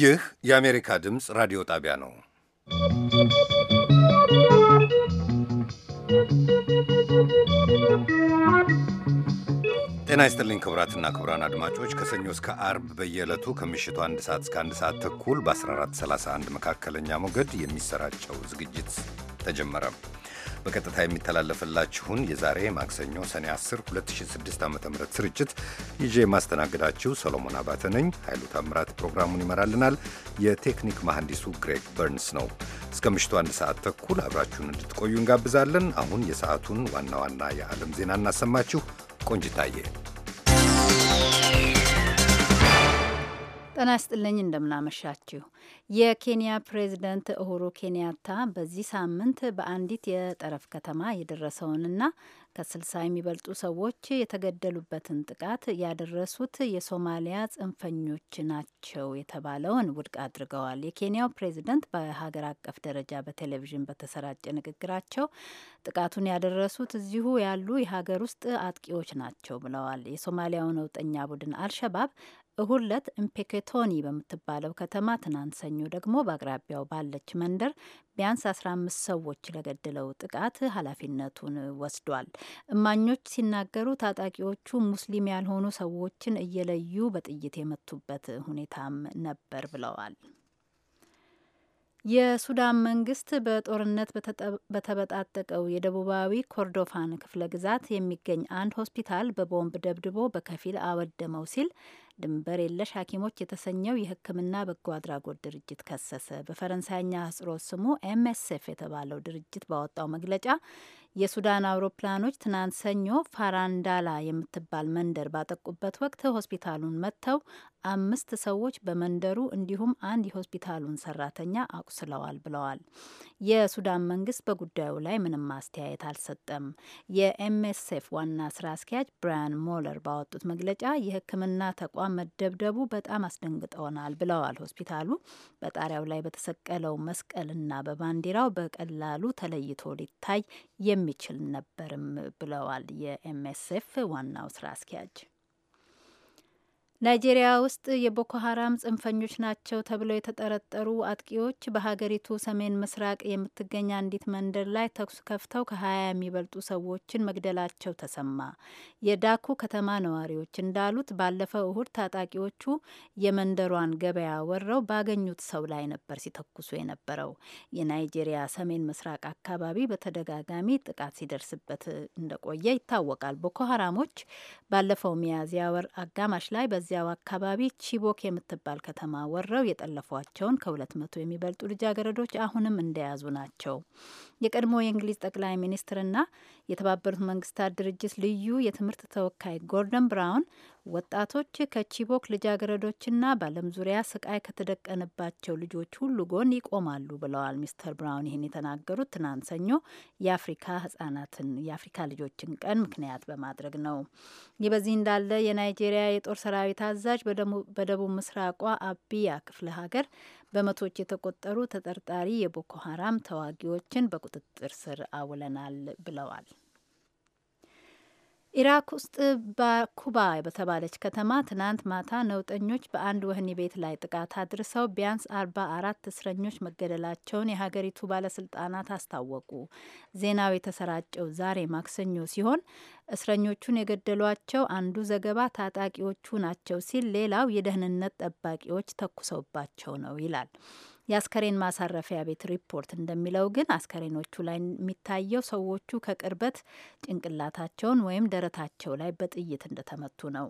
ይህ የአሜሪካ ድምፅ ራዲዮ ጣቢያ ነው። ጤና ይስጥልኝ ክቡራትና ክቡራን አድማጮች ከሰኞ እስከ አርብ በየዕለቱ ከምሽቱ አንድ ሰዓት እስከ አንድ ሰዓት ተኩል በ1431 መካከለኛ ሞገድ የሚሰራጨው ዝግጅት ተጀመረ። በቀጥታ የሚተላለፍላችሁን የዛሬ ማክሰኞ ሰኔ 10 2006 ዓ ም ስርጭት ይዤ የማስተናግዳችሁ ሰሎሞን አባተ ነኝ። ኃይሉ ታምራት ፕሮግራሙን ይመራልናል። የቴክኒክ መሐንዲሱ ግሬግ በርንስ ነው። እስከ ምሽቱ አንድ ሰዓት ተኩል አብራችሁን እንድትቆዩ እንጋብዛለን። አሁን የሰዓቱን ዋና ዋና የዓለም ዜና እናሰማችሁ። ቆንጅታዬ ጤና ይስጥልኝ። እንደምናመሻችሁ የኬንያ ፕሬዝደንት እሁሩ ኬንያታ በዚህ ሳምንት በአንዲት የጠረፍ ከተማ የደረሰውንና ከስልሳ የሚበልጡ ሰዎች የተገደሉበትን ጥቃት ያደረሱት የሶማሊያ ጽንፈኞች ናቸው የተባለውን ውድቅ አድርገዋል። የኬንያው ፕሬዝደንት በሀገር አቀፍ ደረጃ በቴሌቪዥን በተሰራጨ ንግግራቸው ጥቃቱን ያደረሱት እዚሁ ያሉ የሀገር ውስጥ አጥቂዎች ናቸው ብለዋል። የሶማሊያው ነውጠኛ ቡድን አልሸባብ እሁድ ዕለት ኢምፔኬቶኒ በምትባለው ከተማ ትናንት ሰኞ ደግሞ በአቅራቢያው ባለች መንደር ቢያንስ 15 ሰዎች ለገደለው ጥቃት ኃላፊነቱን ወስዷል። እማኞች ሲናገሩ ታጣቂዎቹ ሙስሊም ያልሆኑ ሰዎችን እየለዩ በጥይት የመቱበት ሁኔታም ነበር ብለዋል። የሱዳን መንግስት በጦርነት በተበጣጠቀው የደቡባዊ ኮርዶፋን ክፍለ ግዛት የሚገኝ አንድ ሆስፒታል በቦምብ ደብድቦ በከፊል አወደመው ሲል ድንበር የለሽ ሐኪሞች የተሰኘው የሕክምና በጎ አድራጎት ድርጅት ከሰሰ። በፈረንሳይኛ አህጽሮት ስሙ ኤምኤስኤፍ የተባለው ድርጅት ባወጣው መግለጫ የሱዳን አውሮፕላኖች ትናንት ሰኞ ፋራንዳላ የምትባል መንደር ባጠቁበት ወቅት ሆስፒታሉን መጥተው አምስት ሰዎች በመንደሩ እንዲሁም አንድ የሆስፒታሉን ሰራተኛ አቁስለዋል ብለዋል። የሱዳን መንግስት በጉዳዩ ላይ ምንም አስተያየት አልሰጠም። የኤምኤስኤፍ ዋና ስራ አስኪያጅ ብራያን ሞለር ባወጡት መግለጫ የህክምና ተቋም መደብደቡ በጣም አስደንግጠውናል ብለዋል። ሆስፒታሉ በጣሪያው ላይ በተሰቀለው መስቀልና በባንዲራው በቀላሉ ተለይቶ ሊታይ የሚችል ነበርም ብለዋል የኤምኤስኤፍ ዋናው ስራ አስኪያጅ። ናይጄሪያ ውስጥ የቦኮ ሀራም ጽንፈኞች ናቸው ተብለው የተጠረጠሩ አጥቂዎች በሀገሪቱ ሰሜን ምስራቅ የምትገኝ አንዲት መንደር ላይ ተኩስ ከፍተው ከሀያ የሚበልጡ ሰዎችን መግደላቸው ተሰማ። የዳኩ ከተማ ነዋሪዎች እንዳሉት ባለፈው እሁድ ታጣቂዎቹ የመንደሯን ገበያ ወረው ባገኙት ሰው ላይ ነበር ሲተኩሱ የነበረው። የናይጄሪያ ሰሜን ምስራቅ አካባቢ በተደጋጋሚ ጥቃት ሲደርስበት እንደቆየ ይታወቃል። ቦኮ ሀራሞች ባለፈው ሚያዝያ ወር አጋማሽ ላይ እዚያው አካባቢ ቺቦክ የምትባል ከተማ ወረው የጠለፏቸውን ከሁለት መቶ የሚበልጡ ልጃገረዶች አሁንም እንደያዙ ናቸው። የቀድሞ የእንግሊዝ ጠቅላይ ሚኒስትርና የተባበሩት መንግስታት ድርጅት ልዩ የትምህርት ተወካይ ጎርደን ብራውን ወጣቶች ከቺቦክ ልጃገረዶችና በዓለም ዙሪያ ስቃይ ከተደቀነባቸው ልጆች ሁሉ ጎን ይቆማሉ ብለዋል። ሚስተር ብራውን ይህን የተናገሩት ትናንት ሰኞ የአፍሪካ ህጻናትን የአፍሪካ ልጆችን ቀን ምክንያት በማድረግ ነው። ይህ በዚህ እንዳለ የናይጄሪያ የጦር ሰራዊት አዛዥ በደቡብ ምስራቋ አቢያ ክፍለ ሀገር በመቶዎች የተቆጠሩ ተጠርጣሪ የቦኮ ሀራም ተዋጊዎችን በቁጥጥር ስር አውለናል ብለዋል። ኢራክ ውስጥ ባኩባ በተባለች ከተማ ትናንት ማታ ነውጠኞች በአንድ ወህኒ ቤት ላይ ጥቃት አድርሰው ቢያንስ አርባ አራት እስረኞች መገደላቸውን የሀገሪቱ ባለስልጣናት አስታወቁ። ዜናው የተሰራጨው ዛሬ ማክሰኞ ሲሆን እስረኞቹን የገደሏቸው አንዱ ዘገባ ታጣቂዎቹ ናቸው ሲል፣ ሌላው የደህንነት ጠባቂዎች ተኩሰውባቸው ነው ይላል። የአስከሬን ማሳረፊያ ቤት ሪፖርት እንደሚለው ግን አስከሬኖቹ ላይ የሚታየው ሰዎቹ ከቅርበት ጭንቅላታቸውን ወይም ደረታቸው ላይ በጥይት እንደተመቱ ነው።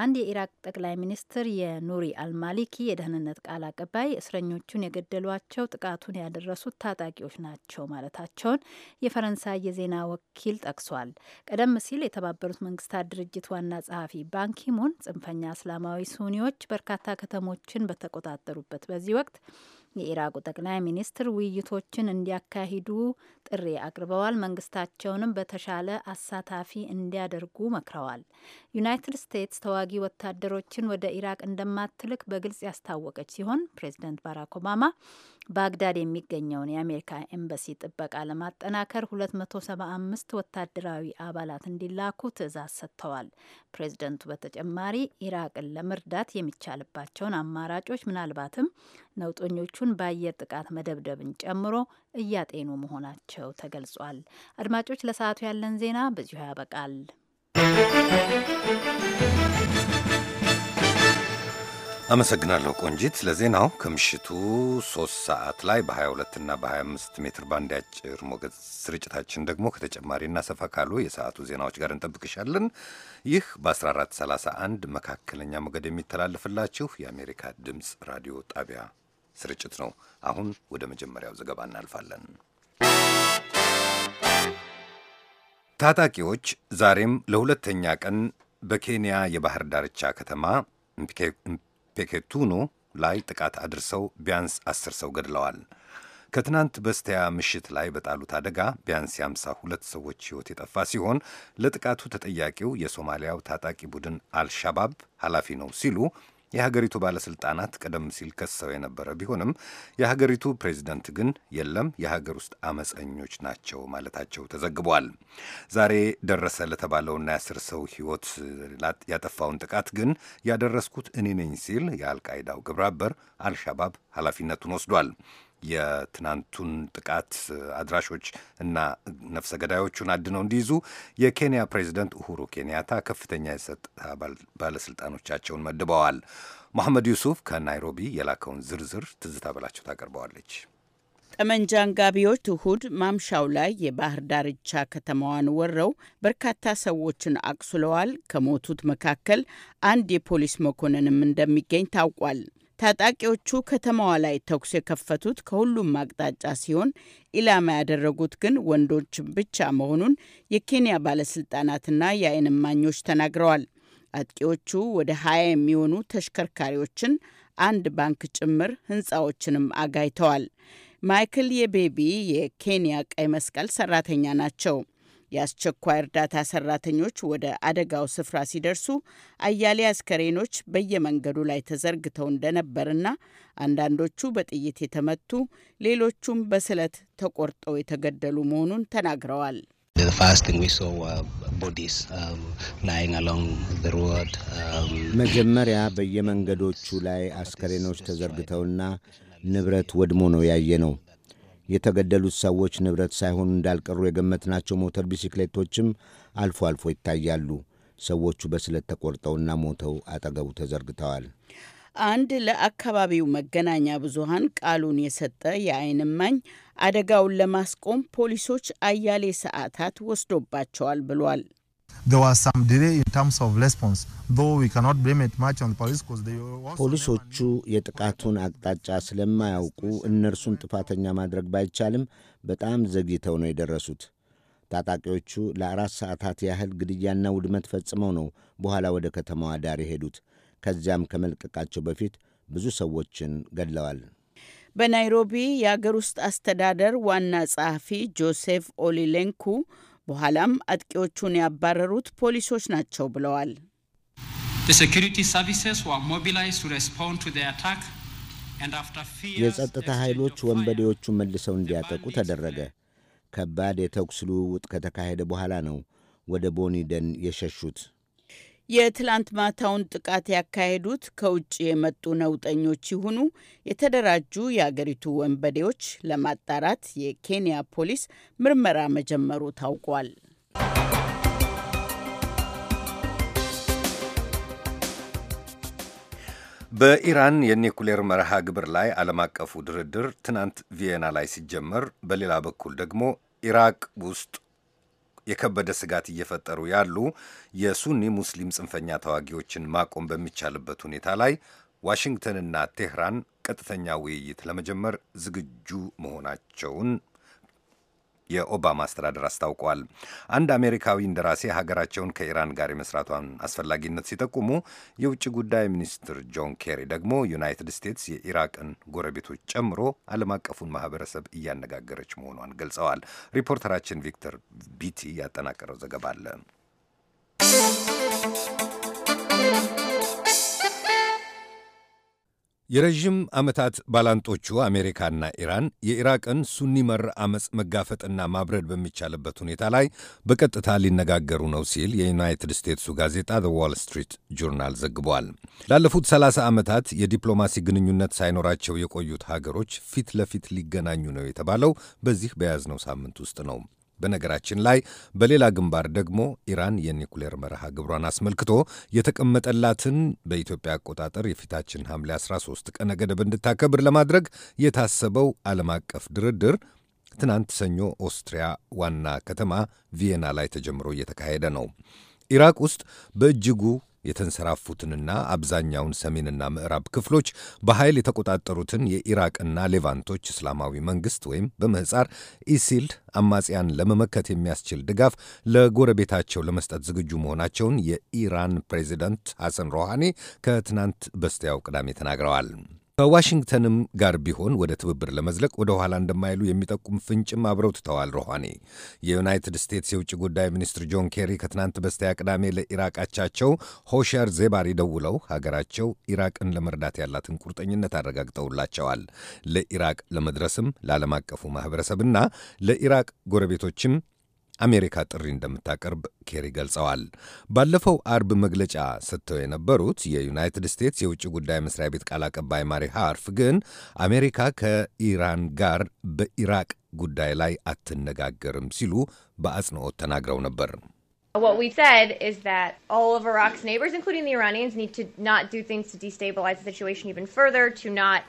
አንድ የኢራቅ ጠቅላይ ሚኒስትር የኑሪ አልማሊኪ የደህንነት ቃል አቀባይ እስረኞቹን የገደሏቸው ጥቃቱን ያደረሱት ታጣቂዎች ናቸው ማለታቸውን የፈረንሳይ የዜና ወኪል ጠቅሷል። ቀደም ሲል የተባበሩት መንግስታት ድርጅት ዋና ጸሐፊ ባንኪሙን ጽንፈኛ እስላማዊ ሱኒዎች በርካታ ከተሞችን በተቆጣጠሩበት በዚህ ወቅት የኢራቁ ጠቅላይ ሚኒስትር ውይይቶችን እንዲያካሂዱ ጥሪ አቅርበዋል። መንግስታቸውንም በተሻለ አሳታፊ እንዲያደርጉ መክረዋል። ዩናይትድ ስቴትስ ተዋጊ ወታደሮችን ወደ ኢራቅ እንደማትልክ በግልጽ ያስታወቀች ሲሆን ፕሬዚደንት ባራክ ኦባማ ባግዳድ የሚገኘውን የአሜሪካ ኤምባሲ ጥበቃ ለማጠናከር 275 ወታደራዊ አባላት እንዲላኩ ትዕዛዝ ሰጥተዋል። ፕሬዝደንቱ በተጨማሪ ኢራቅን ለመርዳት የሚቻልባቸውን አማራጮች ምናልባትም ነውጠኞቹን በአየር ጥቃት መደብደብን ጨምሮ እያጤኑ መሆናቸው ተገልጿል። አድማጮች፣ ለሰዓቱ ያለን ዜና በዚሁ ያበቃል። አመሰግናለሁ ቆንጂት ለዜናው። ከምሽቱ ሶስት ሰዓት ላይ በ22 እና በ25 ሜትር ባንድ ያጭር ሞገድ ስርጭታችን ደግሞ ከተጨማሪና ሰፋ ካሉ የሰዓቱ ዜናዎች ጋር እንጠብቅሻለን። ይህ በ1431 መካከለኛ ሞገድ የሚተላለፍላችሁ የአሜሪካ ድምፅ ራዲዮ ጣቢያ ስርጭት ነው። አሁን ወደ መጀመሪያው ዘገባ እናልፋለን። ታጣቂዎች ዛሬም ለሁለተኛ ቀን በኬንያ የባህር ዳርቻ ከተማ ፔኬቱኑ ላይ ጥቃት አድርሰው ቢያንስ አስር ሰው ገድለዋል። ከትናንት በስቲያ ምሽት ላይ በጣሉት አደጋ ቢያንስ የአምሳ ሁለት ሰዎች ሕይወት የጠፋ ሲሆን ለጥቃቱ ተጠያቂው የሶማሊያው ታጣቂ ቡድን አልሻባብ ኃላፊ ነው ሲሉ የሀገሪቱ ባለስልጣናት ቀደም ሲል ከሰው የነበረ ቢሆንም የሀገሪቱ ፕሬዚደንት ግን የለም የሀገር ውስጥ አመፀኞች ናቸው ማለታቸው ተዘግቧል። ዛሬ ደረሰ ለተባለውና የአስር ሰው ህይወት ያጠፋውን ጥቃት ግን ያደረስኩት እኔ ነኝ ሲል የአልቃይዳው ግብረ አልሻባብ ኃላፊነቱን ወስዷል። የትናንቱን ጥቃት አድራሾች እና ነፍሰ ገዳዮቹን አድነው እንዲይዙ የኬንያ ፕሬዚደንት ኡሁሩ ኬንያታ ከፍተኛ የጸጥታ ባለስልጣኖቻቸውን መድበዋል። መሐመድ ዩሱፍ ከናይሮቢ የላከውን ዝርዝር ትዝታ በላቸው ታቀርበዋለች። ጠመንጃ አንጋቢዎች እሁድ ማምሻው ላይ የባህር ዳርቻ ከተማዋን ወረው በርካታ ሰዎችን አቁስለዋል። ከሞቱት መካከል አንድ የፖሊስ መኮንንም እንደሚገኝ ታውቋል። ታጣቂዎቹ ከተማዋ ላይ ተኩስ የከፈቱት ከሁሉም አቅጣጫ ሲሆን ኢላማ ያደረጉት ግን ወንዶች ብቻ መሆኑን የኬንያ ባለስልጣናትና የዓይን እማኞች ተናግረዋል። አጥቂዎቹ ወደ ሀያ የሚሆኑ ተሽከርካሪዎችን፣ አንድ ባንክ ጭምር ህንፃዎችንም አጋይተዋል። ማይክል የቤቢ የኬንያ ቀይ መስቀል ሰራተኛ ናቸው። የአስቸኳይ እርዳታ ሰራተኞች ወደ አደጋው ስፍራ ሲደርሱ አያሌ አስከሬኖች በየመንገዱ ላይ ተዘርግተው እንደነበርና አንዳንዶቹ በጥይት የተመቱ ሌሎቹም በስለት ተቆርጠው የተገደሉ መሆኑን ተናግረዋል። um, um, መጀመሪያ በየመንገዶቹ ላይ አስከሬኖች ተዘርግተውና ንብረት ወድሞ ነው ያየ ነው። የተገደሉት ሰዎች ንብረት ሳይሆኑ እንዳልቀሩ የገመትናቸው ሞተር ቢሲክሌቶችም አልፎ አልፎ ይታያሉ። ሰዎቹ በስለት ተቆርጠውና ሞተው አጠገቡ ተዘርግተዋል። አንድ ለአካባቢው መገናኛ ብዙሃን ቃሉን የሰጠ የዓይን እማኝ አደጋውን ለማስቆም ፖሊሶች አያሌ ሰዓታት ወስዶባቸዋል ብሏል። ፖሊሶቹ የጥቃቱን አቅጣጫ ስለማያውቁ እነርሱን ጥፋተኛ ማድረግ ባይቻልም በጣም ዘግይተው ነው የደረሱት። ታጣቂዎቹ ለአራት ሰዓታት ያህል ግድያና ውድመት ፈጽመው ነው በኋላ ወደ ከተማዋ ዳር የሄዱት። ከዚያም ከመልቀቃቸው በፊት ብዙ ሰዎችን ገድለዋል። በናይሮቢ የአገር ውስጥ አስተዳደር ዋና ጸሐፊ ጆሴፍ ኦሊሌንኩ በኋላም አጥቂዎቹን ያባረሩት ፖሊሶች ናቸው ብለዋል። የጸጥታ ኃይሎች ወንበዴዎቹ መልሰው እንዲያጠቁ ተደረገ። ከባድ የተኩስ ልውውጥ ከተካሄደ በኋላ ነው ወደ ቦኒደን የሸሹት። የትላንት ማታውን ጥቃት ያካሄዱት ከውጭ የመጡ ነውጠኞች ይሁኑ የተደራጁ የአገሪቱ ወንበዴዎች ለማጣራት የኬንያ ፖሊስ ምርመራ መጀመሩ ታውቋል። በኢራን የኒኩሌር መርሃ ግብር ላይ ዓለም አቀፉ ድርድር ትናንት ቪየና ላይ ሲጀመር፣ በሌላ በኩል ደግሞ ኢራቅ ውስጥ የከበደ ስጋት እየፈጠሩ ያሉ የሱኒ ሙስሊም ጽንፈኛ ተዋጊዎችን ማቆም በሚቻልበት ሁኔታ ላይ ዋሽንግተንና ቴህራን ቀጥተኛ ውይይት ለመጀመር ዝግጁ መሆናቸውን የኦባማ አስተዳደር አስታውቋል። አንድ አሜሪካዊ እንደራሴ ሀገራቸውን ከኢራን ጋር የመስራቷን አስፈላጊነት ሲጠቁሙ፣ የውጭ ጉዳይ ሚኒስትር ጆን ኬሪ ደግሞ ዩናይትድ ስቴትስ የኢራቅን ጎረቤቶች ጨምሮ ዓለም አቀፉን ማህበረሰብ እያነጋገረች መሆኗን ገልጸዋል። ሪፖርተራችን ቪክተር ቢቲ ያጠናቀረው ዘገባ አለ። የረዥም ዓመታት ባላንጦቹ አሜሪካና ኢራን የኢራቅን ሱኒ መር አመፅ መጋፈጥና ማብረድ በሚቻልበት ሁኔታ ላይ በቀጥታ ሊነጋገሩ ነው ሲል የዩናይትድ ስቴትሱ ጋዜጣ ዘ ዋል ስትሪት ጆርናል ዘግቧል። ላለፉት 30 ዓመታት የዲፕሎማሲ ግንኙነት ሳይኖራቸው የቆዩት ሀገሮች ፊት ለፊት ሊገናኙ ነው የተባለው በዚህ በያዝነው ሳምንት ውስጥ ነው። በነገራችን ላይ በሌላ ግንባር ደግሞ ኢራን የኒኩሌር መርሃ ግብሯን አስመልክቶ የተቀመጠላትን በኢትዮጵያ አቆጣጠር የፊታችን ሐምሌ 13 ቀነ ገደብ እንድታከብር ለማድረግ የታሰበው ዓለም አቀፍ ድርድር ትናንት ሰኞ ኦስትሪያ ዋና ከተማ ቪየና ላይ ተጀምሮ እየተካሄደ ነው። ኢራቅ ውስጥ በእጅጉ የተንሰራፉትንና አብዛኛውን ሰሜንና ምዕራብ ክፍሎች በኃይል የተቆጣጠሩትን የኢራቅና ሌቫንቶች እስላማዊ መንግሥት ወይም በምህፃር ኢሲል አማጽያን ለመመከት የሚያስችል ድጋፍ ለጎረቤታቸው ለመስጠት ዝግጁ መሆናቸውን የኢራን ፕሬዚደንት ሐሰን ሮሃኒ ከትናንት በስቲያው ቅዳሜ ተናግረዋል። ከዋሽንግተንም ጋር ቢሆን ወደ ትብብር ለመዝለቅ ወደ ኋላ እንደማይሉ የሚጠቁም ፍንጭም አብረው ትተዋል። ሮሃኒ የዩናይትድ ስቴትስ የውጭ ጉዳይ ሚኒስትር ጆን ኬሪ ከትናንት በስቲያ ቅዳሜ ለኢራቃቻቸው ሆሸር ዜባሪ ደውለው ሀገራቸው ኢራቅን ለመርዳት ያላትን ቁርጠኝነት አረጋግጠውላቸዋል። ለኢራቅ ለመድረስም ለዓለም አቀፉ ማህበረሰብና ለኢራቅ ጎረቤቶችም አሜሪካ ጥሪ እንደምታቀርብ ኬሪ ገልጸዋል። ባለፈው አርብ መግለጫ ሰጥተው የነበሩት የዩናይትድ ስቴትስ የውጭ ጉዳይ መስሪያ ቤት ቃል አቀባይ ማሪ ሃርፍ ግን አሜሪካ ከኢራን ጋር በኢራቅ ጉዳይ ላይ አትነጋገርም ሲሉ በአጽንኦት ተናግረው ነበር። What we said is that all of Iraq's neighbors, including the Iranians, need to not do things to destabilize the situation even further, to not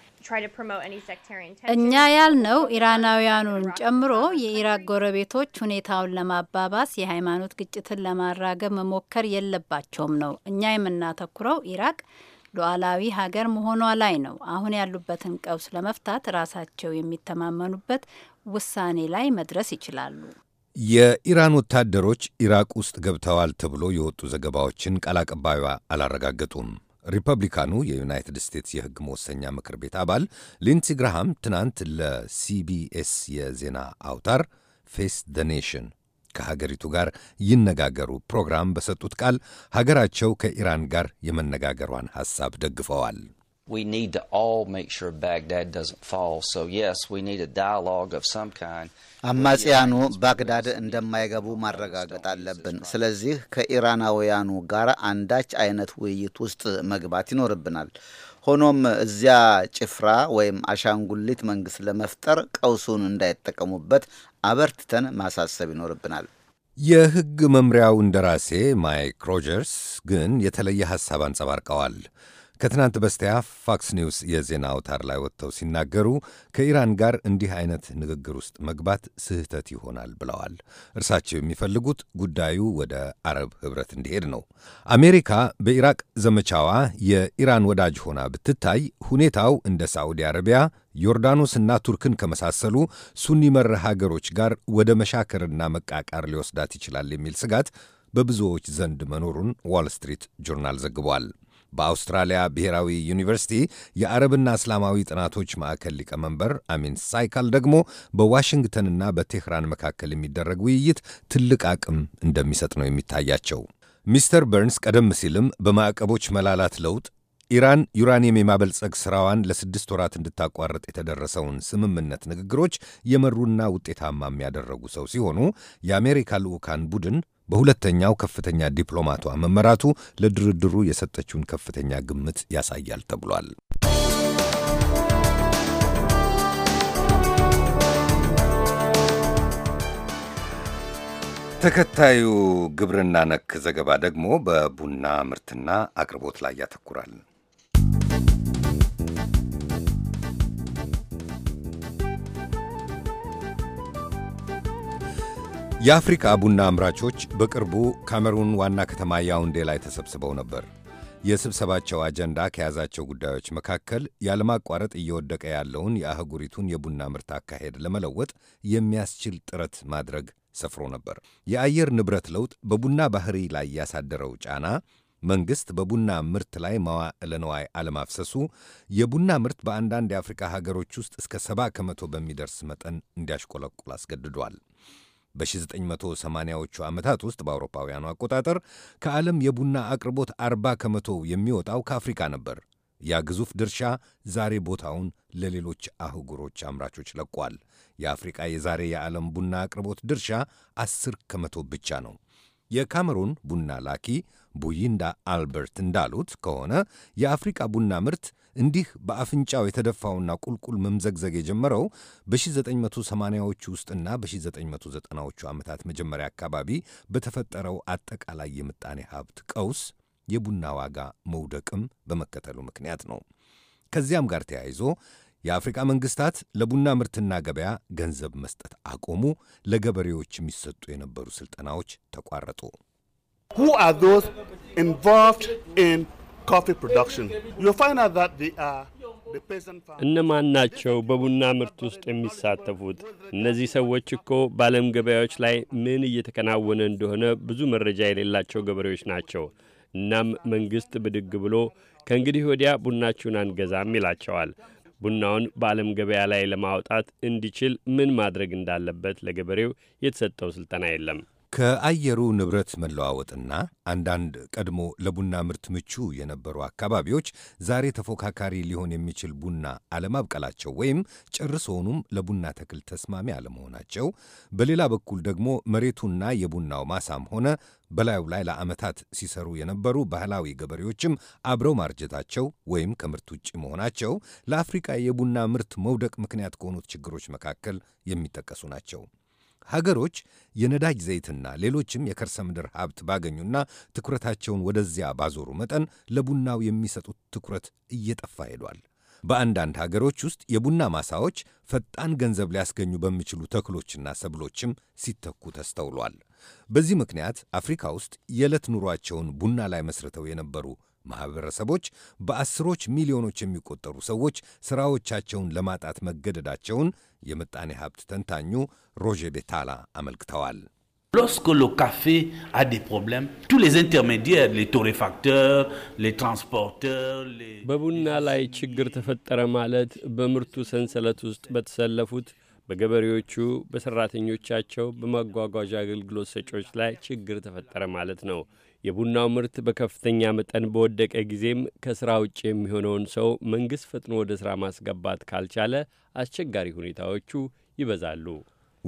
እኛ ያልነው ኢራናውያኑን ጨምሮ የኢራቅ ጎረቤቶች ሁኔታውን ለማባባስ የሃይማኖት ግጭትን ለማራገብ መሞከር የለባቸውም ነው። እኛ የምናተኩረው ኢራቅ ሉዓላዊ ሀገር መሆኗ ላይ ነው። አሁን ያሉበትን ቀውስ ለመፍታት ራሳቸው የሚተማመኑበት ውሳኔ ላይ መድረስ ይችላሉ። የኢራን ወታደሮች ኢራቅ ውስጥ ገብተዋል ተብሎ የወጡ ዘገባዎችን ቃል አቀባዩዋ አላረጋገጡም። ሪፐብሊካኑ የዩናይትድ ስቴትስ የሕግ መወሰኛ ምክር ቤት አባል ሊንሲ ግራሃም ትናንት ለሲቢኤስ የዜና አውታር ፌስ ደ ኔሽን ከሀገሪቱ ጋር ይነጋገሩ ፕሮግራም በሰጡት ቃል ሀገራቸው ከኢራን ጋር የመነጋገሯን ሐሳብ ደግፈዋል። we need to all make sure Baghdad doesn't fall. So yes, we need a dialogue of some kind. አማጽያኑ ባግዳድ እንደማይገቡ ማረጋገጥ አለብን። ስለዚህ ከኢራናውያኑ ጋር አንዳች አይነት ውይይት ውስጥ መግባት ይኖርብናል። ሆኖም እዚያ ጭፍራ ወይም አሻንጉሊት መንግስት ለመፍጠር ቀውሱን እንዳይጠቀሙበት አበርትተን ማሳሰብ ይኖርብናል። የሕግ መምሪያው እንደራሴ ማይክ ሮጀርስ ግን የተለየ ሐሳብ አንጸባርቀዋል። ከትናንት በስቲያ ፎክስ ኒውስ የዜና አውታር ላይ ወጥተው ሲናገሩ ከኢራን ጋር እንዲህ አይነት ንግግር ውስጥ መግባት ስህተት ይሆናል ብለዋል። እርሳቸው የሚፈልጉት ጉዳዩ ወደ አረብ ኅብረት እንዲሄድ ነው። አሜሪካ በኢራቅ ዘመቻዋ የኢራን ወዳጅ ሆና ብትታይ ሁኔታው እንደ ሳዑዲ አረቢያ ዮርዳኖስና ቱርክን ከመሳሰሉ ሱኒ መር ሀገሮች ጋር ወደ መሻከርና መቃቃር ሊወስዳት ይችላል የሚል ስጋት በብዙዎች ዘንድ መኖሩን ዋል ስትሪት ጆርናል ዘግቧል። በአውስትራሊያ ብሔራዊ ዩኒቨርሲቲ የአረብና እስላማዊ ጥናቶች ማዕከል ሊቀመንበር አሚን ሳይካል ደግሞ በዋሽንግተንና በቴህራን መካከል የሚደረግ ውይይት ትልቅ አቅም እንደሚሰጥ ነው የሚታያቸው። ሚስተር በርንስ ቀደም ሲልም በማዕቀቦች መላላት ለውጥ ኢራን ዩራኒየም የማበልጸግ ስራዋን ለስድስት ወራት እንድታቋርጥ የተደረሰውን ስምምነት ንግግሮች የመሩና ውጤታማ የሚያደረጉ ሰው ሲሆኑ የአሜሪካ ልዑካን ቡድን በሁለተኛው ከፍተኛ ዲፕሎማቷ መመራቱ ለድርድሩ የሰጠችውን ከፍተኛ ግምት ያሳያል ተብሏል። ተከታዩ ግብርና ነክ ዘገባ ደግሞ በቡና ምርትና አቅርቦት ላይ ያተኩራል። የአፍሪካ ቡና አምራቾች በቅርቡ ካሜሩን ዋና ከተማ ያውንዴ ላይ ተሰብስበው ነበር። የስብሰባቸው አጀንዳ ከያዛቸው ጉዳዮች መካከል ያለማቋረጥ እየወደቀ ያለውን የአህጉሪቱን የቡና ምርት አካሄድ ለመለወጥ የሚያስችል ጥረት ማድረግ ሰፍሮ ነበር። የአየር ንብረት ለውጥ በቡና ባህሪ ላይ ያሳደረው ጫና መንግሥት በቡና ምርት ላይ መዋዕለ ንዋይ አለማፍሰሱ የቡና ምርት በአንዳንድ የአፍሪካ ሀገሮች ውስጥ እስከ ሰባ ከመቶ በሚደርስ መጠን እንዲያሽቆለቁል አስገድዷል። በ1980ዎቹ ዓመታት ውስጥ በአውሮፓውያኑ አቆጣጠር ከዓለም የቡና አቅርቦት 40 ከመቶ የሚወጣው ከአፍሪካ ነበር። ያ ግዙፍ ድርሻ ዛሬ ቦታውን ለሌሎች አህጉሮች አምራቾች ለቋል። የአፍሪቃ የዛሬ የዓለም ቡና አቅርቦት ድርሻ 10 ከመቶ ብቻ ነው። የካሜሩን ቡና ላኪ ቡይንዳ አልበርት እንዳሉት ከሆነ የአፍሪቃ ቡና ምርት እንዲህ በአፍንጫው የተደፋውና ቁልቁል መምዘግዘግ የጀመረው በ1980ዎቹ ውስጥና በ1990ዎቹ ዓመታት መጀመሪያ አካባቢ በተፈጠረው አጠቃላይ የምጣኔ ሀብት ቀውስ የቡና ዋጋ መውደቅም በመከተሉ ምክንያት ነው። ከዚያም ጋር ተያይዞ የአፍሪቃ መንግስታት ለቡና ምርትና ገበያ ገንዘብ መስጠት አቆሙ። ለገበሬዎች የሚሰጡ የነበሩ ስልጠናዎች ተቋረጡ። እነማን ናቸው በቡና ምርት ውስጥ የሚሳተፉት? እነዚህ ሰዎች እኮ በዓለም ገበያዎች ላይ ምን እየተከናወነ እንደሆነ ብዙ መረጃ የሌላቸው ገበሬዎች ናቸው። እናም መንግሥት ብድግ ብሎ ከእንግዲህ ወዲያ ቡናችሁን አንገዛም ይላቸዋል። ቡናውን በዓለም ገበያ ላይ ለማውጣት እንዲችል ምን ማድረግ እንዳለበት ለገበሬው የተሰጠው ስልጠና የለም። ከአየሩ ንብረት መለዋወጥና አንዳንድ ቀድሞ ለቡና ምርት ምቹ የነበሩ አካባቢዎች ዛሬ ተፎካካሪ ሊሆን የሚችል ቡና አለማብቀላቸው ወይም ጨርሶውኑም ለቡና ተክል ተስማሚ አለመሆናቸው፣ በሌላ በኩል ደግሞ መሬቱና የቡናው ማሳም ሆነ በላዩ ላይ ለዓመታት ሲሰሩ የነበሩ ባህላዊ ገበሬዎችም አብረው ማርጀታቸው ወይም ከምርት ውጭ መሆናቸው ለአፍሪቃ የቡና ምርት መውደቅ ምክንያት ከሆኑት ችግሮች መካከል የሚጠቀሱ ናቸው። ሀገሮች የነዳጅ ዘይትና ሌሎችም የከርሰ ምድር ሀብት ባገኙና ትኩረታቸውን ወደዚያ ባዞሩ መጠን ለቡናው የሚሰጡት ትኩረት እየጠፋ ሄዷል። በአንዳንድ ሀገሮች ውስጥ የቡና ማሳዎች ፈጣን ገንዘብ ሊያስገኙ በሚችሉ ተክሎችና ሰብሎችም ሲተኩ ተስተውሏል። በዚህ ምክንያት አፍሪካ ውስጥ የዕለት ኑሯቸውን ቡና ላይ መስርተው የነበሩ ማኅበረሰቦች በአስሮች ሚሊዮኖች የሚቆጠሩ ሰዎች ሥራዎቻቸውን ለማጣት መገደዳቸውን የምጣኔ ሀብት ተንታኙ ሮዤ ቤታላ አመልክተዋል። Lorsque le café a des problèmes, tous les intermédiaires, les torréfacteurs, les transporteurs, les... በቡና ላይ ችግር ተፈጠረ ማለት በምርቱ ሰንሰለት ውስጥ በተሰለፉት በገበሬዎቹ፣ በሰራተኞቻቸው፣ በማጓጓዣ አገልግሎት ሰጪዎች ላይ ችግር ተፈጠረ ማለት ነው። የቡናው ምርት በከፍተኛ መጠን በወደቀ ጊዜም ከሥራ ውጭ የሚሆነውን ሰው መንግሥት ፈጥኖ ወደ ሥራ ማስገባት ካልቻለ አስቸጋሪ ሁኔታዎቹ ይበዛሉ።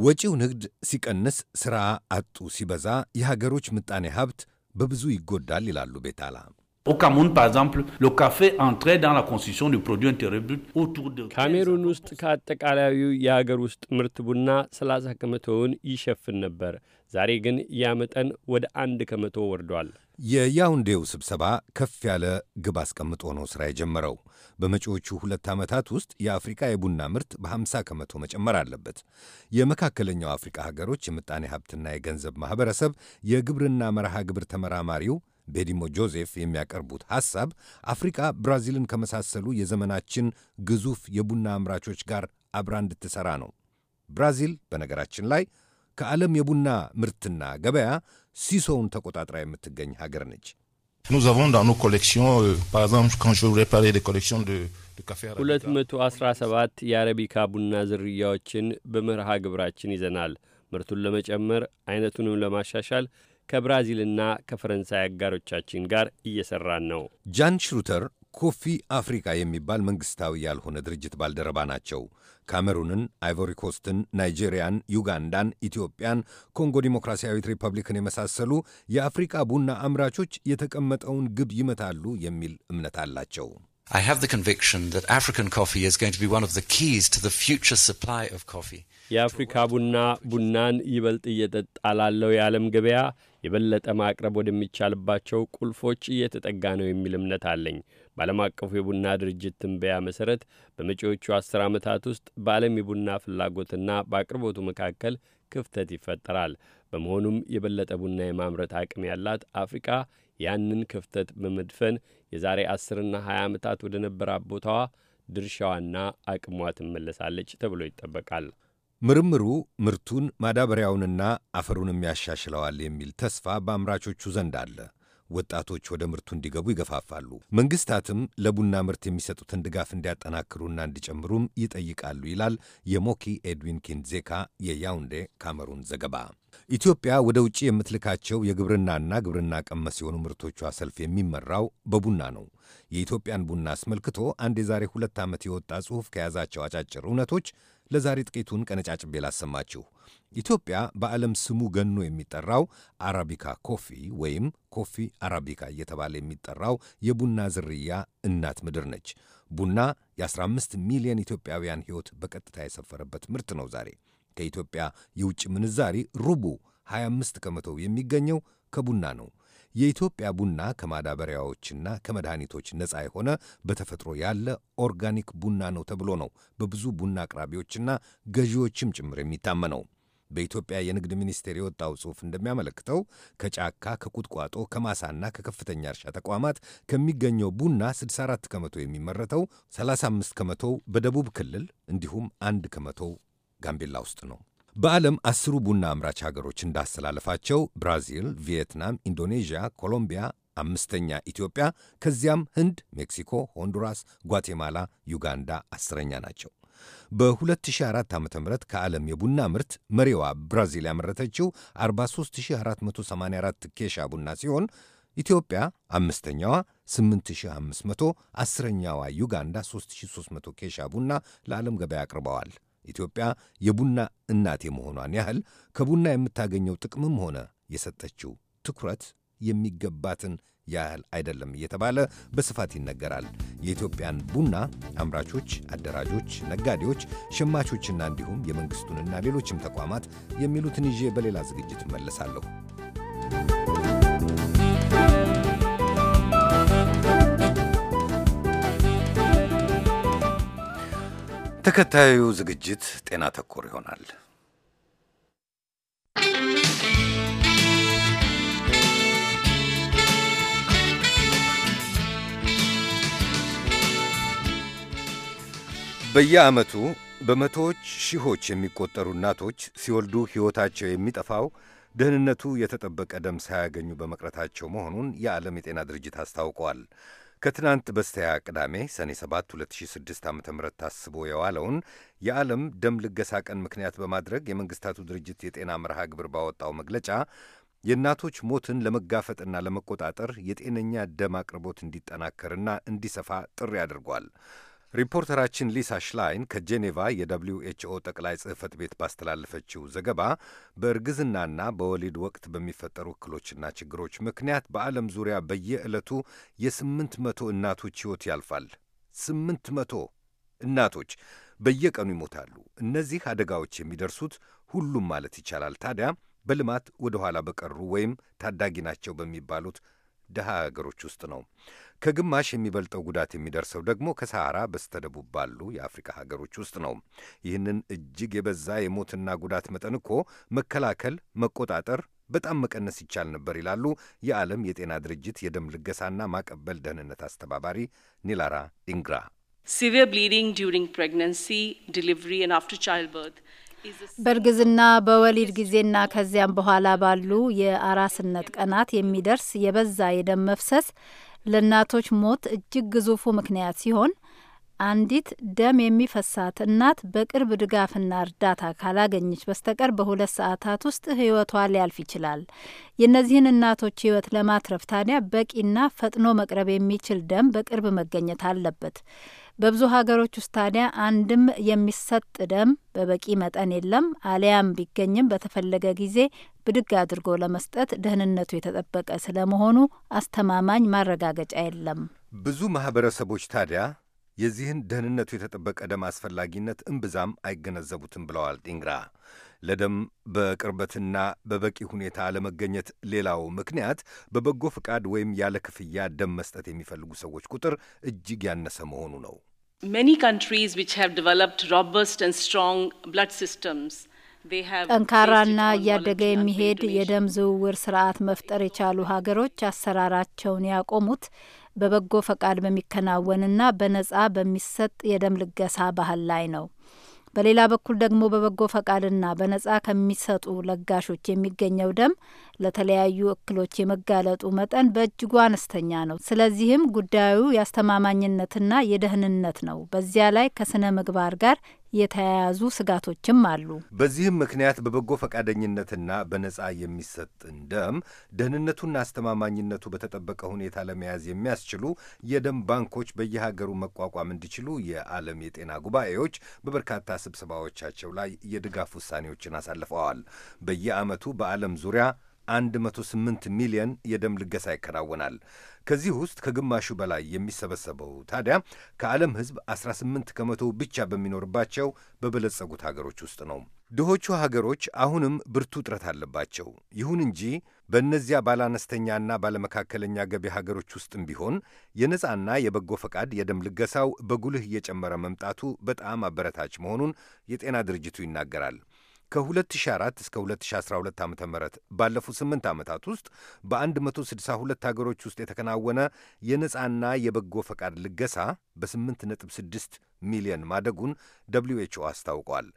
ወጪው ንግድ ሲቀንስ፣ ሥራ አጡ ሲበዛ የሀገሮች ምጣኔ ሀብት በብዙ ይጎዳል ይላሉ ቤታላ። Au Cameroun, par exemple, le café entrait dans la constitution du produit intérieur brut autour de... ካሜሩን ውስጥ ከአጠቃላዩ የአገር ውስጥ ምርት ቡና 30 ከመቶውን ይሸፍን ነበር። ዛሬ ግን ያ መጠን ወደ አንድ ከመቶ ወርዷል። የያውንዴው ስብሰባ ከፍ ያለ ግብ አስቀምጦ ነው ሥራ የጀመረው። በመጪዎቹ ሁለት ዓመታት ውስጥ የአፍሪካ የቡና ምርት በ50 ከመቶ መጨመር አለበት። የመካከለኛው አፍሪካ ሀገሮች የምጣኔ ሀብትና የገንዘብ ማኅበረሰብ የግብርና መርሃ ግብር ተመራማሪው ቤዲሞ ጆዜፍ የሚያቀርቡት ሐሳብ አፍሪቃ ብራዚልን ከመሳሰሉ የዘመናችን ግዙፍ የቡና አምራቾች ጋር አብራ እንድትሠራ ነው። ብራዚል በነገራችን ላይ ከዓለም የቡና ምርትና ገበያ ሲሶውን ተቆጣጥራ የምትገኝ ሀገር ነች። euh, ሁለት መቶ አስራ ሰባት የአረቢካ ቡና ዝርያዎችን በመርሃ ግብራችን ይዘናል። ምርቱን ለመጨመር አይነቱንም ለማሻሻል ከብራዚልና ከፈረንሳይ አጋሮቻችን ጋር እየሰራን ነው። ጃን ሽሩተር ኮፊ አፍሪካ የሚባል መንግሥታዊ ያልሆነ ድርጅት ባልደረባ ናቸው። ካሜሩንን፣ አይቮሪኮስትን፣ ናይጄሪያን፣ ዩጋንዳን፣ ኢትዮጵያን፣ ኮንጎ ዲሞክራሲያዊት ሪፐብሊክን የመሳሰሉ የአፍሪካ ቡና አምራቾች የተቀመጠውን ግብ ይመታሉ የሚል እምነት አላቸው። I have the conviction that African coffee is going to be one of the keys to the future supply of coffee. የአፍሪካ ቡና ቡናን ይበልጥ እየጠጣ ላለው የዓለም ገበያ የበለጠ ማቅረብ ወደሚቻልባቸው ቁልፎች እየተጠጋ ነው የሚል እምነት አለኝ። በዓለም አቀፉ የቡና ድርጅት ትንበያ መሠረት በመጪዎቹ አስር ዓመታት ውስጥ በዓለም የቡና ፍላጎትና በአቅርቦቱ መካከል ክፍተት ይፈጠራል። በመሆኑም የበለጠ ቡና የማምረት አቅም ያላት አፍሪቃ ያንን ክፍተት በመድፈን የዛሬ አስርና ሀያ ዓመታት ወደ ነበራት ቦታዋ ድርሻዋና አቅሟ ትመለሳለች ተብሎ ይጠበቃል። ምርምሩ ምርቱን ማዳበሪያውንና አፈሩንም ያሻሽለዋል የሚል ተስፋ በአምራቾቹ ዘንድ አለ። ወጣቶች ወደ ምርቱ እንዲገቡ ይገፋፋሉ። መንግስታትም ለቡና ምርት የሚሰጡትን ድጋፍ እንዲያጠናክሩና እንዲጨምሩም ይጠይቃሉ ይላል የሞኪ ኤድዊን ኪንዜካ የያውንዴ ካሜሩን ዘገባ። ኢትዮጵያ ወደ ውጭ የምትልካቸው የግብርናና ግብርና ቀመስ የሆኑ ምርቶቿ ሰልፍ የሚመራው በቡና ነው። የኢትዮጵያን ቡና አስመልክቶ አንድ የዛሬ ሁለት ዓመት የወጣ ጽሑፍ ከያዛቸው አጫጭር እውነቶች ለዛሬ ጥቂቱን ቀነጫጭቤ ላሰማችሁ። ኢትዮጵያ በዓለም ስሙ ገኖ የሚጠራው አራቢካ ኮፊ ወይም ኮፊ አራቢካ እየተባለ የሚጠራው የቡና ዝርያ እናት ምድር ነች። ቡና የ15 ሚሊዮን ኢትዮጵያውያን ሕይወት በቀጥታ የሰፈረበት ምርት ነው። ዛሬ ከኢትዮጵያ የውጭ ምንዛሪ ሩቡ 25 ከመቶው የሚገኘው ከቡና ነው። የኢትዮጵያ ቡና ከማዳበሪያዎችና ከመድኃኒቶች ነፃ የሆነ በተፈጥሮ ያለ ኦርጋኒክ ቡና ነው ተብሎ ነው በብዙ ቡና አቅራቢዎችና ገዢዎችም ጭምር የሚታመነው። በኢትዮጵያ የንግድ ሚኒስቴር የወጣው ጽሑፍ እንደሚያመለክተው ከጫካ፣ ከቁጥቋጦ፣ ከማሳና ከከፍተኛ እርሻ ተቋማት ከሚገኘው ቡና 64 ከመቶ የሚመረተው፣ 35 ከመቶው በደቡብ ክልል እንዲሁም አንድ ከመቶው ጋምቤላ ውስጥ ነው። በዓለም አስሩ ቡና አምራች ሀገሮች እንዳስተላለፋቸው ብራዚል፣ ቪየትናም፣ ኢንዶኔዥያ፣ ኮሎምቢያ አምስተኛ ኢትዮጵያ፣ ከዚያም ህንድ፣ ሜክሲኮ፣ ሆንዱራስ፣ ጓቴማላ፣ ዩጋንዳ አስረኛ ናቸው። በ2004 ዓ ም ከዓለም የቡና ምርት መሪዋ ብራዚል ያመረተችው 43484 ኬሻ ቡና ሲሆን ኢትዮጵያ አምስተኛዋ 8500፣ አስረኛዋ ዩጋንዳ 3300 ኬሻ ቡና ለዓለም ገበያ አቅርበዋል። ኢትዮጵያ የቡና እናት የመሆኗን ያህል ከቡና የምታገኘው ጥቅምም ሆነ የሰጠችው ትኩረት የሚገባትን ያህል አይደለም እየተባለ በስፋት ይነገራል። የኢትዮጵያን ቡና አምራቾች፣ አደራጆች፣ ነጋዴዎች፣ ሸማቾችና እንዲሁም የመንግሥቱንና ሌሎችም ተቋማት የሚሉትን ይዤ በሌላ ዝግጅት እመለሳለሁ። ተከታዩ ዝግጅት ጤና ተኮር ይሆናል። በየዓመቱ በመቶዎች ሺዎች የሚቆጠሩ እናቶች ሲወልዱ ሕይወታቸው የሚጠፋው ደህንነቱ የተጠበቀ ደም ሳያገኙ በመቅረታቸው መሆኑን የዓለም የጤና ድርጅት አስታውቀዋል። ከትናንት በስቲያ ቅዳሜ ሰኔ 7 2006 ዓ ም ታስቦ የዋለውን የዓለም ደም ልገሳ ቀን ምክንያት በማድረግ የመንግስታቱ ድርጅት የጤና መርሃ ግብር ባወጣው መግለጫ የእናቶች ሞትን ለመጋፈጥና ለመቆጣጠር የጤነኛ ደም አቅርቦት እንዲጠናከርና እንዲሰፋ ጥሪ አድርጓል። ሪፖርተራችን ሊሳ ሽላይን ከጄኔቫ የደብሊው ኤችኦ ጠቅላይ ጽህፈት ቤት ባስተላለፈችው ዘገባ በእርግዝናና በወሊድ ወቅት በሚፈጠሩ እክሎችና ችግሮች ምክንያት በዓለም ዙሪያ በየዕለቱ የስምንት መቶ እናቶች ሕይወት ያልፋል። ስምንት መቶ እናቶች በየቀኑ ይሞታሉ። እነዚህ አደጋዎች የሚደርሱት ሁሉም ማለት ይቻላል ታዲያ በልማት ወደ ኋላ በቀሩ ወይም ታዳጊ ናቸው በሚባሉት ድሃ አገሮች ውስጥ ነው። ከግማሽ የሚበልጠው ጉዳት የሚደርሰው ደግሞ ከሰሃራ በስተደቡብ ባሉ የአፍሪካ ሀገሮች ውስጥ ነው። ይህንን እጅግ የበዛ የሞትና ጉዳት መጠን እኮ መከላከል፣ መቆጣጠር በጣም መቀነስ ይቻል ነበር ይላሉ የዓለም የጤና ድርጅት የደም ልገሳና ማቀበል ደህንነት አስተባባሪ ኒላራ ኢንግራ። ሲቪር ብሊዲንግ ዲውሪንግ ፕሬግናንሲ ዲሊቨሪ ኤንድ አፍተር በእርግዝና በወሊድ ጊዜና ከዚያም በኋላ ባሉ የአራስነት ቀናት የሚደርስ የበዛ የደም መፍሰስ ለእናቶች ሞት እጅግ ግዙፉ ምክንያት ሲሆን አንዲት ደም የሚፈሳት እናት በቅርብ ድጋፍና እርዳታ ካላገኘች በስተቀር በሁለት ሰዓታት ውስጥ ሕይወቷ ሊያልፍ ይችላል። የእነዚህን እናቶች ሕይወት ለማትረፍ ታዲያ በቂና ፈጥኖ መቅረብ የሚችል ደም በቅርብ መገኘት አለበት። በብዙ ሀገሮች ውስጥ ታዲያ አንድም የሚሰጥ ደም በበቂ መጠን የለም። አሊያም ቢገኝም በተፈለገ ጊዜ ብድግ አድርጎ ለመስጠት ደህንነቱ የተጠበቀ ስለመሆኑ አስተማማኝ ማረጋገጫ የለም። ብዙ ማህበረሰቦች ታዲያ የዚህን ደህንነቱ የተጠበቀ ደም አስፈላጊነት እምብዛም አይገነዘቡትም ብለዋል ጢንግራ። ለደም በቅርበትና በበቂ ሁኔታ ለመገኘት ሌላው ምክንያት በበጎ ፍቃድ ወይም ያለ ክፍያ ደም መስጠት የሚፈልጉ ሰዎች ቁጥር እጅግ ያነሰ መሆኑ ነው። ጠንካራና እያደገ የሚሄድ የደም ዝውውር ስርዓት መፍጠር የቻሉ ሀገሮች አሰራራቸውን ያቆሙት በበጎ ፈቃድ በሚከናወንና በነጻ በሚሰጥ የደም ልገሳ ባህል ላይ ነው። በሌላ በኩል ደግሞ በበጎ ፈቃድና በነጻ ከሚሰጡ ለጋሾች የሚገኘው ደም ለተለያዩ እክሎች የመጋለጡ መጠን በእጅጉ አነስተኛ ነው። ስለዚህም ጉዳዩ የአስተማማኝነትና የደህንነት ነው። በዚያ ላይ ከስነ ምግባር ጋር የተያያዙ ስጋቶችም አሉ። በዚህም ምክንያት በበጎ ፈቃደኝነትና በነጻ የሚሰጥን ደም ደህንነቱና አስተማማኝነቱ በተጠበቀ ሁኔታ ለመያዝ የሚያስችሉ የደም ባንኮች በየሀገሩ መቋቋም እንዲችሉ የዓለም የጤና ጉባኤዎች በበርካታ ስብሰባዎቻቸው ላይ የድጋፍ ውሳኔዎችን አሳልፈዋል። በየዓመቱ በዓለም ዙሪያ 108 ሚሊዮን የደም ልገሳ ይከናወናል። ከዚህ ውስጥ ከግማሹ በላይ የሚሰበሰበው ታዲያ ከዓለም ሕዝብ 18 ከመቶ ብቻ በሚኖርባቸው በበለጸጉት ሀገሮች ውስጥ ነው። ድሆቹ ሀገሮች አሁንም ብርቱ ጥረት አለባቸው። ይሁን እንጂ በእነዚያ ባለአነስተኛና ባለመካከለኛ ገቢ ሀገሮች ውስጥም ቢሆን የነፃና የበጎ ፈቃድ የደም ልገሳው በጉልህ እየጨመረ መምጣቱ በጣም አበረታች መሆኑን የጤና ድርጅቱ ይናገራል። ከ2004 እስከ 2012 ዓ ም ባለፉት 8 ዓመታት ውስጥ በ162 ሀገሮች ውስጥ የተከናወነ የነፃና የበጎ ፈቃድ ልገሳ በ8.6 ሚሊዮን ማደጉን ደብሊው ኤች ኦ አስታውቋል።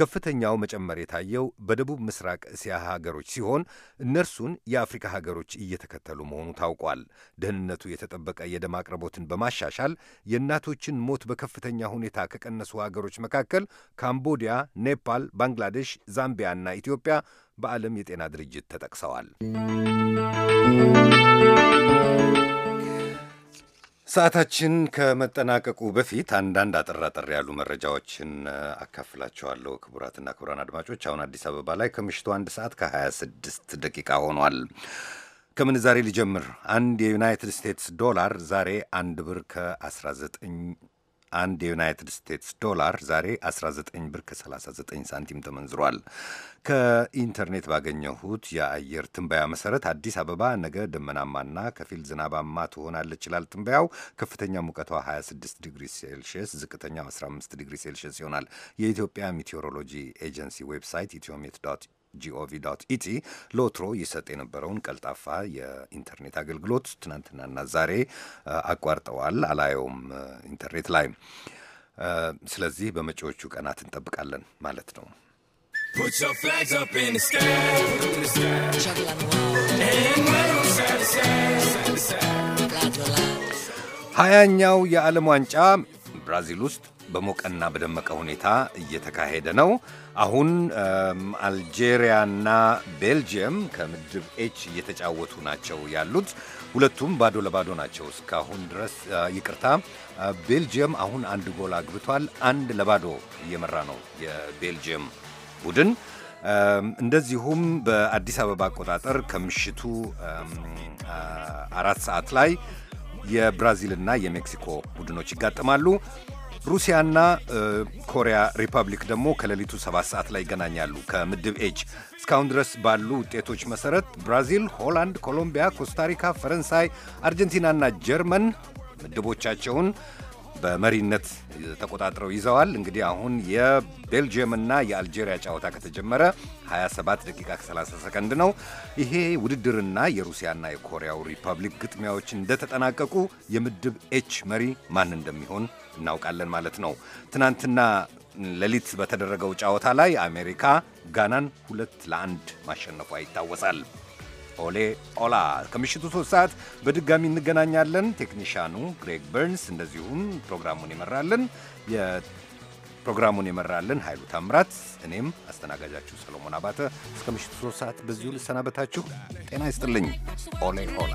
ከፍተኛው መጨመር የታየው በደቡብ ምስራቅ እስያ ሀገሮች ሲሆን እነርሱን የአፍሪካ ሀገሮች እየተከተሉ መሆኑ ታውቋል። ደህንነቱ የተጠበቀ የደም አቅርቦትን በማሻሻል የእናቶችን ሞት በከፍተኛ ሁኔታ ከቀነሱ ሀገሮች መካከል ካምቦዲያ፣ ኔፓል፣ ባንግላዴሽ፣ እና ኢትዮጵያ በዓለም የጤና ድርጅት ተጠቅሰዋል። ሰዓታችን ከመጠናቀቁ በፊት አንዳንድ አጠራጠር ያሉ መረጃዎችን አካፍላቸዋለሁ። ክቡራትና ክቡራን አድማጮች አሁን አዲስ አበባ ላይ ከምሽቱ አንድ ሰዓት ከ26 ደቂቃ ሆኗል። ከምንዛሬ ሊጀምር አንድ የዩናይትድ ስቴትስ ዶላር ዛሬ አንድ ብር ከ19 አንድ የዩናይትድ ስቴትስ ዶላር ዛሬ 19 ብር ከ39 ሳንቲም ተመንዝሯል። ከኢንተርኔት ባገኘሁት የአየር ትንበያ መሰረት አዲስ አበባ ነገ ደመናማና ከፊል ዝናባማ ትሆናለች ይላል ትንበያው። ከፍተኛ ሙቀቷ 26 ዲግሪ ሴልሽየስ፣ ዝቅተኛው 15 ዲግሪ ሴልሽየስ ይሆናል። የኢትዮጵያ ሜቴዎሮሎጂ ኤጀንሲ ዌብሳይት ኢትዮሜት ጂኦቪ ኢቲ ሎትሮ ይሰጥ የነበረውን ቀልጣፋ የኢንተርኔት አገልግሎት ትናንትናና ዛሬ አቋርጠዋል። አላየውም ኢንተርኔት ላይ። ስለዚህ በመጪዎቹ ቀናት እንጠብቃለን ማለት ነው። ሀያኛው የዓለም ዋንጫ ብራዚል ውስጥ በሞቀና በደመቀ ሁኔታ እየተካሄደ ነው። አሁን አልጄሪያና ቤልጅየም ከምድብ ኤች እየተጫወቱ ናቸው ያሉት። ሁለቱም ባዶ ለባዶ ናቸው እስካሁን ድረስ። ይቅርታ፣ ቤልጅየም አሁን አንድ ጎል አግብቷል። አንድ ለባዶ እየመራ ነው የቤልጅየም ቡድን። እንደዚሁም በአዲስ አበባ አቆጣጠር ከምሽቱ አራት ሰዓት ላይ የብራዚልና የሜክሲኮ ቡድኖች ይጋጠማሉ። ሩሲያና ኮሪያ ሪፐብሊክ ደግሞ ከሌሊቱ ሰባት ሰዓት ላይ ይገናኛሉ ከምድብ ኤች። እስካሁን ድረስ ባሉ ውጤቶች መሰረት ብራዚል፣ ሆላንድ፣ ኮሎምቢያ፣ ኮስታሪካ፣ ፈረንሳይ፣ አርጀንቲናና ጀርመን ምድቦቻቸውን በመሪነት ተቆጣጥረው ይዘዋል። እንግዲህ አሁን የቤልጅየምና የአልጄሪያ ጨዋታ ከተጀመረ 27 ደቂቃ ከ30 ሰከንድ ነው። ይሄ ውድድርና የሩሲያና የኮሪያው ሪፐብሊክ ግጥሚያዎች እንደተጠናቀቁ የምድብ ኤች መሪ ማን እንደሚሆን እናውቃለን ማለት ነው። ትናንትና ሌሊት በተደረገው ጨዋታ ላይ አሜሪካ ጋናን ሁለት ለአንድ ማሸነፏ ይታወሳል። ኦሌ ኦላ ከምሽቱ ሶስት ሰዓት በድጋሚ እንገናኛለን። ቴክኒሽያኑ ግሬግ በርንስ እንደዚሁም ፕሮግራሙን ይመራልን ፕሮግራሙን የመራልን ኃይሉ ታምራት፣ እኔም አስተናጋጃችሁ ሰሎሞን አባተ እስከ ምሽቱ ሶስት ሰዓት በዚሁ ልሰናበታችሁ። ጤና ይስጥልኝ። ኦሌ ኦላ